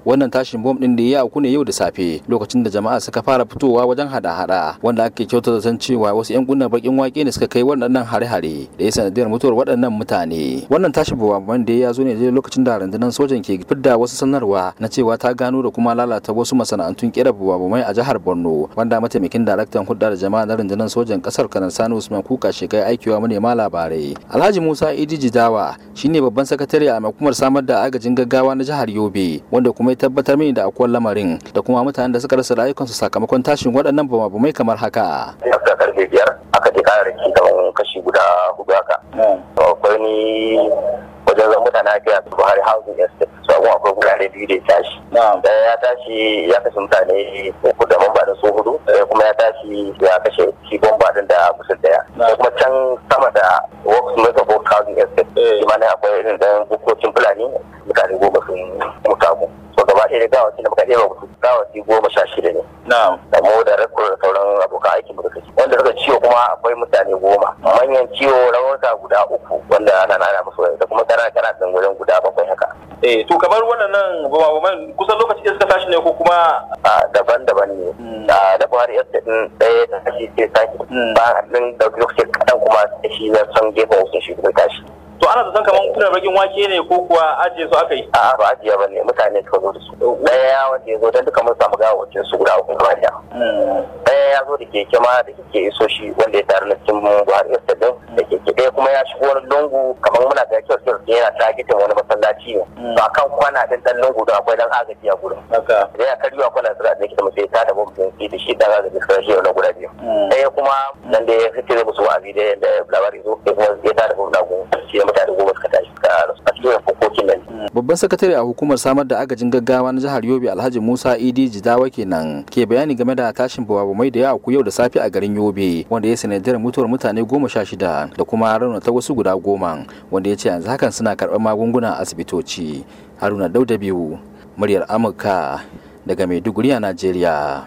wannan tashin bom din da ya auku ne yau da safe lokacin da jama'a suka fara fitowa wajen hada-hada wanda ake kyautata san cewa wasu 'yan gunnar bakin wake ne suka kai waɗannan hare-hare da ya sanadiyar mutuwar waɗannan mutane wannan tashin bom da ya zo ne zai lokacin da rundunar sojan ke fidda wasu sanarwa na cewa ta gano da kuma lalata wasu masana'antun kera mai a jihar Borno wanda mataimakin daraktan hudda da jama'a na rundunar sojan kasar Kanan Sani Usman Kuka kai aikiwa manema labarai Alhaji Musa Idi Jidawa shine babban sakatare a hukumar samar da agajin gaggawa na jihar Yobe wanda kuma kuma tabbatar mini da akwai lamarin da kuma mutanen da suka rasa rayukansu sakamakon tashin waɗannan bamabumai kamar haka. Afta karfe biyar aka je kamar kashi guda hudu haka. Akwai ni wajen zan mutane ake Buhari Housing Estate. So akwai biyu da ya tashi. Daya ya tashi ya kashe mutane uku da mamba da su hudu. Daya kuma ya tashi ya kashe shi bomba din da daya. Kuma can sama da Works Housing eh. ɗan bukocin Fulani mutane ne da gawaci da muka ɗeba mutu gawaci goma sha shida ne. Na'am. Da mu da rakko da sauran abokan aikin mu suka ci. Wanda suka ciwo kuma akwai mutane goma. Manyan ciwo rawarsa guda uku wanda ana nana musu da kuma tara tara ɗan wajen guda bakwai haka. Eh to kamar wannan goma goma kusan lokaci da suka tashi ne ko kuma. A Daban-daban ne. Hmm. Da Buhari ya ɗin ɗaya tashi sai tashi. Hmm. Ba ɗin ɗauki lokacin kaɗan kuma shi na san gefen wasu shi kuma tashi. to ana zaton kamar kuna bakin wake ne ko kuwa ajiye su aka yi a'a ba ajiya ba ne mutane suka zo da su daya wanda ya zo don duka mun samu cikin su guda uku ba daya hmm. ya zo da keke ma da keke iso shi wanda ya taru na cikin yasta instagram da keke daya kuma ya shigo wani lungu kamar muna ga kyau da yana targetin wani masallaci ne hmm. to akan kwana din dan lungu da akwai dan agaji a gurin da ya karyewa kwana sura da kita mutai ta da bambin da shi dan agaji sura shi na guda biyu daya hmm. kuma nan da ya fice musu wa'azi da labari zo ya ta da bambin ce mutane goma suka tashi suka a cikin hukokin nan. Babban sakatare a hukumar samar da agajin gaggawa na jihar Yobe Alhaji Musa Idi Jidawa kenan ke bayani game da tashin mai da ya ku yau da safe a garin Yobe wanda ya sanadiyar mutuwar mutane goma sha shida da kuma ta wasu guda goma wanda ya ce yanzu hakan suna karɓar magunguna a asibitoci. Haruna Dauda biyu muryar Amurka daga Maiduguri a Najeriya.